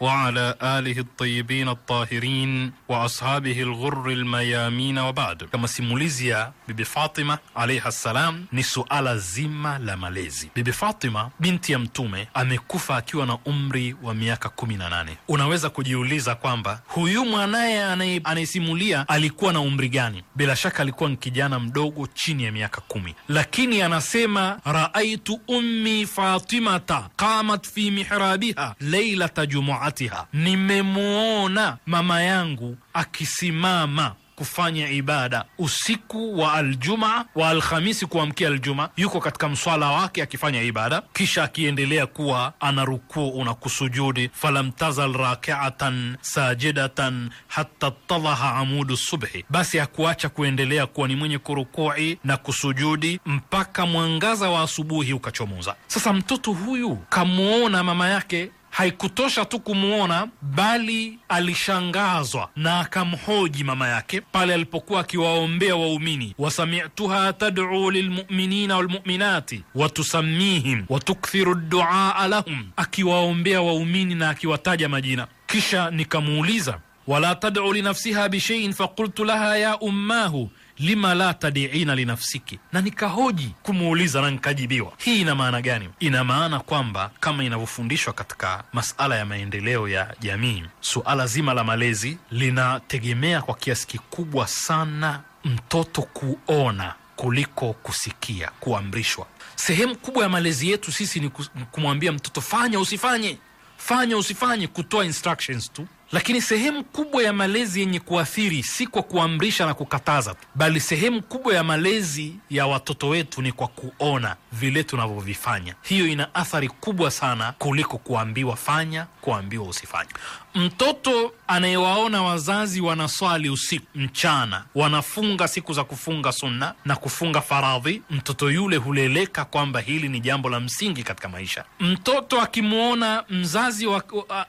وعلى alihi الطيبين الطاهرين وأصحابه الغر الميامين وبعد كما سيموليزيا al فاطمة عليها السلام نسو على ya Bibi Fatima فاطمة salam ni suala zima la malezi. Bibi Fatima binti ya Mtume amekufa akiwa na umri wa miaka 18. Unaweza kujiuliza kwamba huyu mwanaye anayesimulia alikuwa na umri gani? Bila shaka alikuwa ni kijana mdogo chini ya miaka kumi, lakini anasema raaitu ummi Fatimata qamat fi mihrabiha maslahatiha, Nimemwona mama yangu akisimama kufanya ibada usiku wa aljumaa wa Alhamisi kuamkia Aljumaa, yuko katika mswala wake akifanya ibada, kisha akiendelea kuwa ana rukuu na kusujudi. falamtazal rakiatan sajidatan hatta tadaha amudu subhi, basi hakuacha kuendelea kuwa ni mwenye kurukui na kusujudi mpaka mwangaza wa asubuhi ukachomoza. Sasa mtoto huyu kamwona mama yake haikutosha tu kumwona, bali alishangazwa na akamhoji mama yake pale alipokuwa akiwaombea waumini, wasamituha tad'u lilmuminina walmuminati watusammihim watukthiru duaa lahum, akiwaombea waumini na akiwataja majina. Kisha nikamuuliza wala tad'u linafsiha bishaiin fakultu laha ya ummahu lima la tadiina linafsiki, na nikahoji kumuuliza na nikajibiwa. Hii ina maana gani? Ina maana kwamba kama inavyofundishwa katika masala ya maendeleo ya jamii, suala zima la malezi linategemea kwa kiasi kikubwa sana mtoto kuona kuliko kusikia, kuamrishwa. Sehemu kubwa ya malezi yetu sisi ni kumwambia mtoto fanya, usifanye, fanya, usifanye, kutoa instructions tu lakini sehemu kubwa ya malezi yenye kuathiri si kwa kuamrisha na kukataza tu, bali sehemu kubwa ya malezi ya watoto wetu ni kwa kuona vile tunavyovifanya. Hiyo ina athari kubwa sana kuliko kuambiwa fanya, kuambiwa usifanye. Mtoto anayewaona wazazi wanaswali usiku mchana, wanafunga siku za kufunga sunna na kufunga faradhi, mtoto yule huleleka kwamba hili ni jambo la msingi katika maisha. Mtoto akimwona mzazi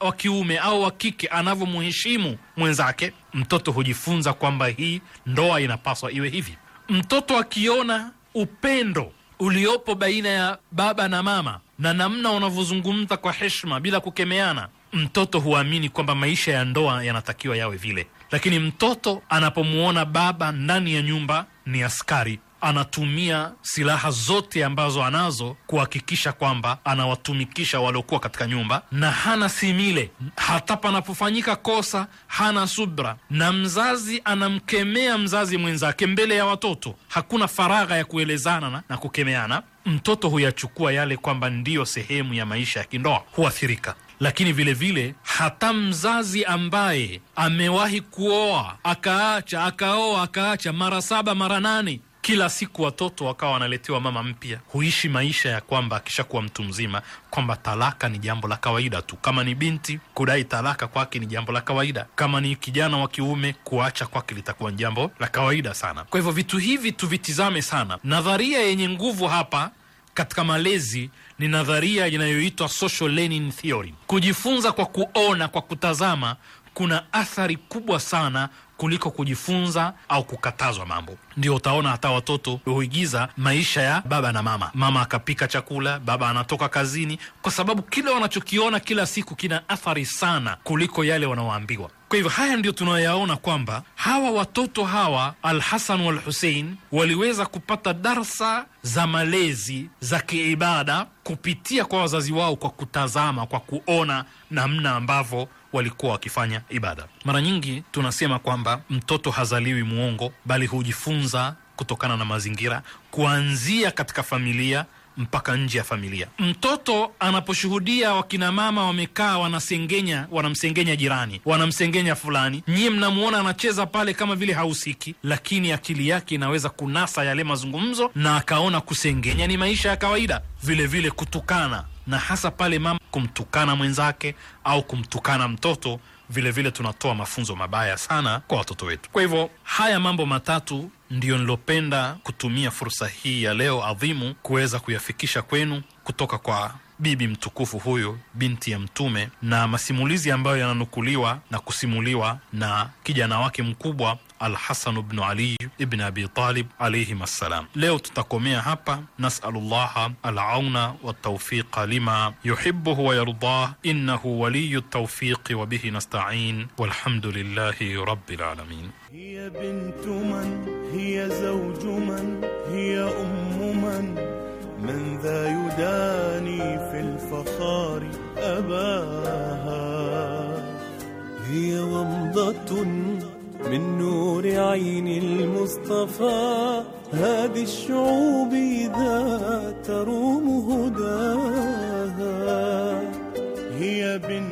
wa kiume au wa kike anavyomheshimu mwenzake, mtoto hujifunza kwamba hii ndoa inapaswa iwe hivi. Mtoto akiona upendo uliopo baina ya baba na mama na namna unavyozungumza kwa heshima bila kukemeana mtoto huamini kwamba maisha ya ndoa yanatakiwa yawe vile, lakini mtoto anapomwona baba ndani ya nyumba ni askari anatumia silaha zote ambazo anazo kuhakikisha kwamba anawatumikisha waliokuwa katika nyumba, na hana simile. Hata panapofanyika kosa hana subra, na mzazi anamkemea mzazi mwenzake mbele ya watoto. Hakuna faragha ya kuelezana na kukemeana. Mtoto huyachukua yale kwamba ndiyo sehemu ya maisha ya kindoa, huathirika lakini vilevile vile, hata mzazi ambaye amewahi kuoa akaacha, akaoa akaacha, mara saba mara nane kila siku watoto wakawa wanaletewa mama mpya, huishi maisha ya kwamba akishakuwa mtu mzima kwamba talaka ni jambo la kawaida tu. Kama ni binti, kudai talaka kwake ni jambo la kawaida. Kama ni kijana wa kiume, kuacha kwake litakuwa ni jambo la kawaida sana. Kwa hivyo vitu hivi tuvitizame sana. Nadharia yenye nguvu hapa katika malezi ni nadharia inayoitwa social learning theory. Kujifunza kwa kuona, kwa kutazama, kuna athari kubwa sana kuliko kujifunza au kukatazwa mambo. Ndio utaona hata watoto huigiza maisha ya baba na mama, mama akapika chakula, baba anatoka kazini, kwa sababu kile wanachokiona kila siku kina athari sana kuliko yale wanaoambiwa. Kwa hivyo haya ndiyo tunayaona kwamba hawa watoto hawa al hasan wal Husein waliweza kupata darsa za malezi za kiibada kupitia kwa wazazi wao, kwa kutazama, kwa kuona namna ambavyo walikuwa wakifanya ibada. Mara nyingi tunasema kwamba mtoto hazaliwi muongo, bali hujifunza kutokana na mazingira, kuanzia katika familia mpaka nje ya familia. Mtoto anaposhuhudia wakinamama wamekaa wanasengenya, wanamsengenya jirani, wanamsengenya fulani, nyie mnamwona anacheza pale kama vile hahusiki, lakini akili yake inaweza kunasa yale mazungumzo na akaona kusengenya ni maisha ya kawaida, vilevile vile kutukana, na hasa pale mama kumtukana mwenzake au kumtukana mtoto vilevile vile tunatoa mafunzo mabaya sana kwa watoto wetu. Kwa hivyo haya mambo matatu ndiyo nilopenda kutumia fursa hii ya leo adhimu kuweza kuyafikisha kwenu kutoka kwa bibi mtukufu huyu binti ya Mtume na masimulizi ambayo yananukuliwa na kusimuliwa na kijana wake mkubwa Alhasanu bnu Ali ibn abitalib Talib alayhim assalam. Leo tutakomea hapa. nasalu llaha alauna wataufiqa lima yuhibuhu wayardah innahu waliyu taufiqi wabihi nastain walhamdulillahi rabi lalamin هي زوج من هي أم من من ذا يداني في الفخار أباها هي ومضة من نور عين المصطفى هذه الشعوب إذا تروم هداها هي بنت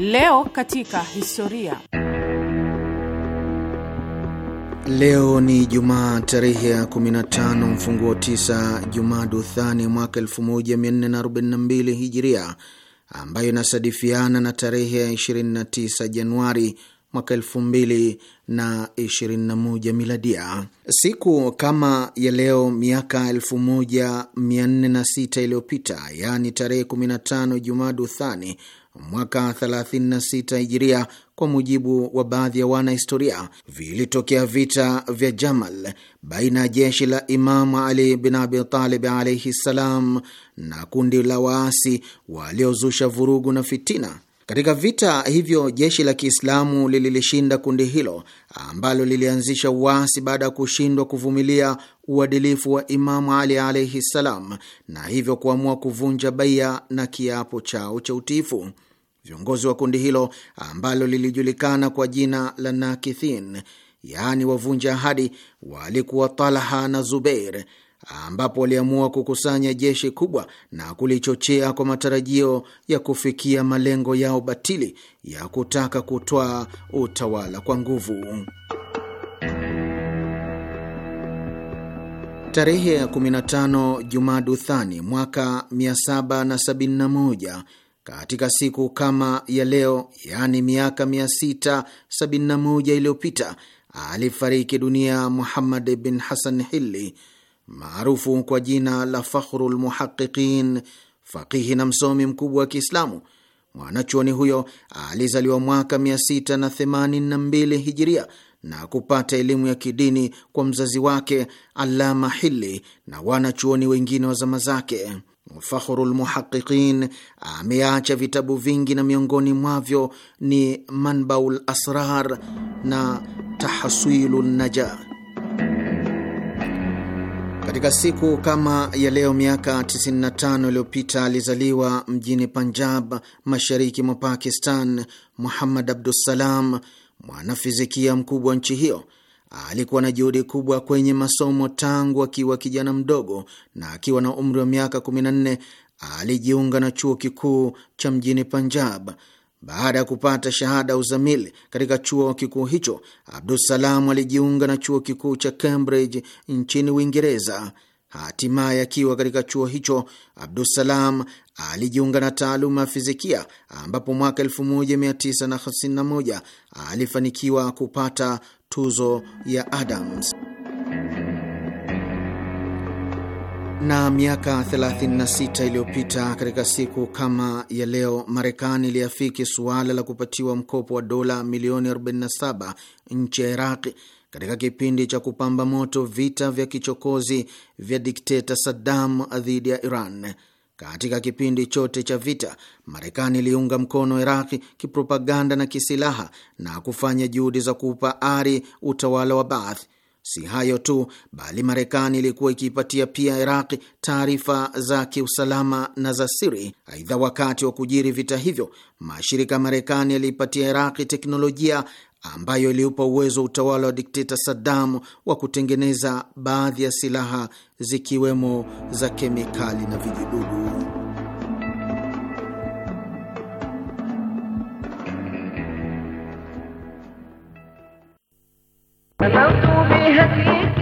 Leo katika historia. Leo ni Jumaa tarehe ya 15 mfunguo 9 Jumada Thani mwaka 1442 Hijiria, ambayo inasadifiana na tarehe ya 29 Januari mwaka 2021 miladia. Siku kama ya leo miaka 1406 iliyopita, yaani tarehe 15 Jumada Thani mwaka 36 hijiria, kwa mujibu wa baadhi ya wanahistoria, vilitokea vita vya Jamal baina ya jeshi la Imamu Ali bin Abi Talib alaihi ssalam na kundi la waasi waliozusha vurugu na fitina katika vita hivyo jeshi la Kiislamu lililishinda kundi hilo ambalo lilianzisha uasi baada ya kushindwa kuvumilia uadilifu wa Imamu Ali alaihi ssalam, na hivyo kuamua kuvunja baia na kiapo chao cha utiifu. Viongozi wa kundi hilo ambalo lilijulikana kwa jina la Nakithin, yaani wavunja ahadi, walikuwa Talha na Zubeir ambapo waliamua kukusanya jeshi kubwa na kulichochea kwa matarajio ya kufikia malengo yao batili ya kutaka kutwaa utawala kwa nguvu. Tarehe ya 15 Jumada Thani mwaka 771 katika siku kama ya leo, yaani miaka 671 iliyopita, alifariki dunia Muhammad bin Hasan Hilli, maarufu kwa jina la Fakhrul Muhaqiqin, fakihi na msomi mkubwa wa Kiislamu. Mwanachuoni huyo alizaliwa mwaka 682 hijiria na kupata elimu ya kidini kwa mzazi wake Alama Hili na wanachuoni wengine wa zama zake. Fakhurul Muhaqiqin ameacha vitabu vingi na miongoni mwavyo ni Manbaul Asrar na Tahsilu Naja. Katika siku kama ya leo miaka 95 iliyopita alizaliwa mjini Punjab, mashariki mwa Pakistan, Muhammad Abdusalam, mwanafizikia mkubwa wa nchi hiyo. Alikuwa na juhudi kubwa kwenye masomo tangu akiwa kijana mdogo, na akiwa na umri wa miaka 14 alijiunga na chuo kikuu cha mjini Punjab baada ya kupata shahada uzamili katika chuo kikuu hicho, Abdussalam alijiunga na chuo kikuu cha Cambridge nchini Uingereza. Hatimaye akiwa katika chuo hicho, Abdusalam alijiunga na taaluma ya fizikia, ambapo mwaka 1951 alifanikiwa kupata tuzo ya Adams. Na miaka 36 iliyopita katika siku kama ya leo, Marekani iliafiki suala la kupatiwa mkopo wa dola milioni 47 nchi ya Iraqi katika kipindi cha kupamba moto vita vya kichokozi vya dikteta Saddam dhidi ya Iran. Katika kipindi chote cha vita, Marekani iliunga mkono Iraqi kipropaganda na kisilaha na kufanya juhudi za kuupa ari utawala wa Baath. Si hayo tu, bali Marekani ilikuwa ikiipatia pia Iraqi taarifa za kiusalama na za siri. Aidha, wakati wa kujiri vita hivyo, mashirika ya Marekani yaliipatia Iraqi teknolojia ambayo iliupa uwezo wa utawala wa dikteta Saddam wa kutengeneza baadhi ya silaha zikiwemo za kemikali na vijidudu. तू भी हकी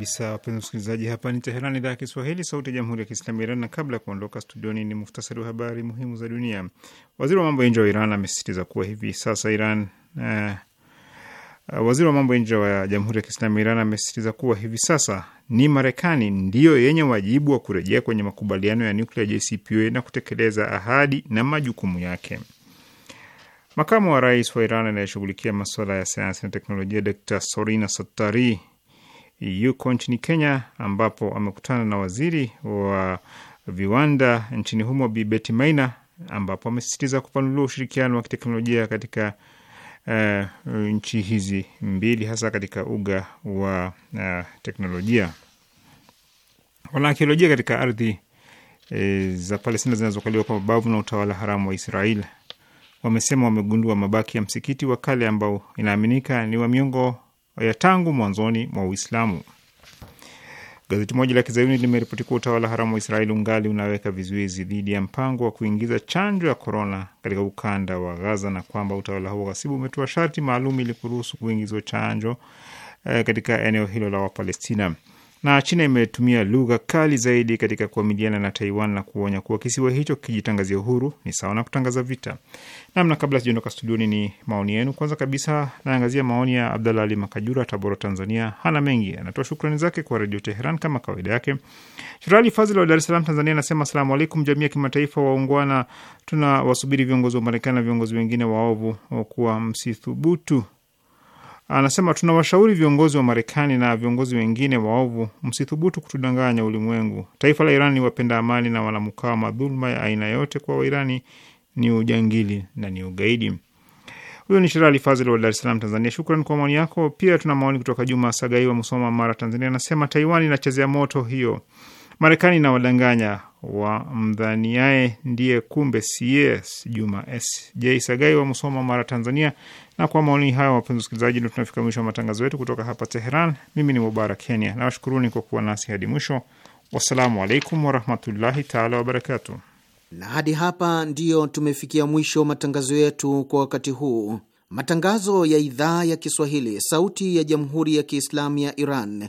kabisa, wapenzi msikilizaji, hapa ni Teheran, idhaa ya Kiswahili, sauti ya jamhuri ya kiislamu ya Iran. Na kabla ya kuondoka studioni, ni muhtasari wa habari muhimu za dunia. Waziri wa mambo ya nje wa Iran amesisitiza kuwa hivi sasa Iran eh, waziri wa mambo ya nje wa jamhuri ya kiislamu ya Iran amesisitiza kuwa hivi sasa ni Marekani ndiyo yenye wajibu wa kurejea kwenye makubaliano ya nuklia JCPOA na kutekeleza ahadi na majukumu yake. Makamu wa rais wa Iran anayeshughulikia masuala ya sayansi na teknolojia Dr Sorina Sattari yuko nchini Kenya ambapo amekutana na waziri wa viwanda nchini humo Bi Betty Maina ambapo amesisitiza kupanulua ushirikiano wa kiteknolojia katika uh, nchi hizi mbili hasa katika uga wa uh, teknolojia. Wanaakiolojia katika ardhi e, za Palestina zinazokaliwa kwa mabavu na utawala haramu wa Israel wamesema wamegundua mabaki ya msikiti wa kale ambao inaaminika ni wa miongo ya tangu mwanzoni mwa Uislamu. Gazeti moja la kizayuni limeripoti kuwa utawala haramu wa Israeli ungali unaweka vizuizi dhidi ya mpango wa kuingiza chanjo ya korona katika ukanda wa Gaza na kwamba utawala huo ghasibu umetoa sharti maalum ili kuruhusu kuingizwa chanjo eh, katika eneo hilo la Wapalestina na China imetumia lugha kali zaidi katika kuamiliana na Taiwan na kuonya kuwa kisiwa hicho kijitangazia uhuru ni sawa na kutangaza vita. Namna kabla sijaondoka studioni, ni maoni yenu. Kwanza kabisa naangazia maoni ya Abdallah Ali Makajura, Tabora, Tanzania. Hana mengi, anatoa shukrani zake kwa Redio Teheran kama kawaida yake. Shirali Fazil wa Dar es Salaam, Tanzania anasema asalamu alaikum, jamii ya kimataifa waungwana, tuna wasubiri viongozi wa Marekani na viongozi wengine waovu kuwa msithubutu Anasema tunawashauri viongozi wa Marekani na viongozi wengine waovu, msithubutu kutudanganya ulimwengu. Taifa la Iran ni wapenda amani na wanamkawama dhuluma ya aina yote kwa Wairani ni ujangili na ni ugaidi. Huyo ni Sherali Fazil wa Dar es Salaam, Tanzania. Shukran kwa maoni yako. Pia tuna maoni kutoka Juma Sagai wa Musoma, Mara, Tanzania. Anasema Taiwan inachezea moto hiyo, Marekani inawadanganya wa mdhaniae ndiye kumbe cs Juma j Sagai wa Musoma, Mara, Tanzania. Na kwa maoni hayo, wapenzi wasikilizaji, ndio tunafika mwisho wa matangazo yetu kutoka hapa Teheran. Mimi ni Mubarak Kenya na washukuruni kwa kuwa nasi hadi mwisho. Wassalamu alaikum warahmatullahi taala wabarakatu Na hadi hapa ndiyo tumefikia mwisho matangazo yetu kwa wakati huu. Matangazo ya idhaa ya Kiswahili, sauti ya jamhuri ya Kiislamu ya Iran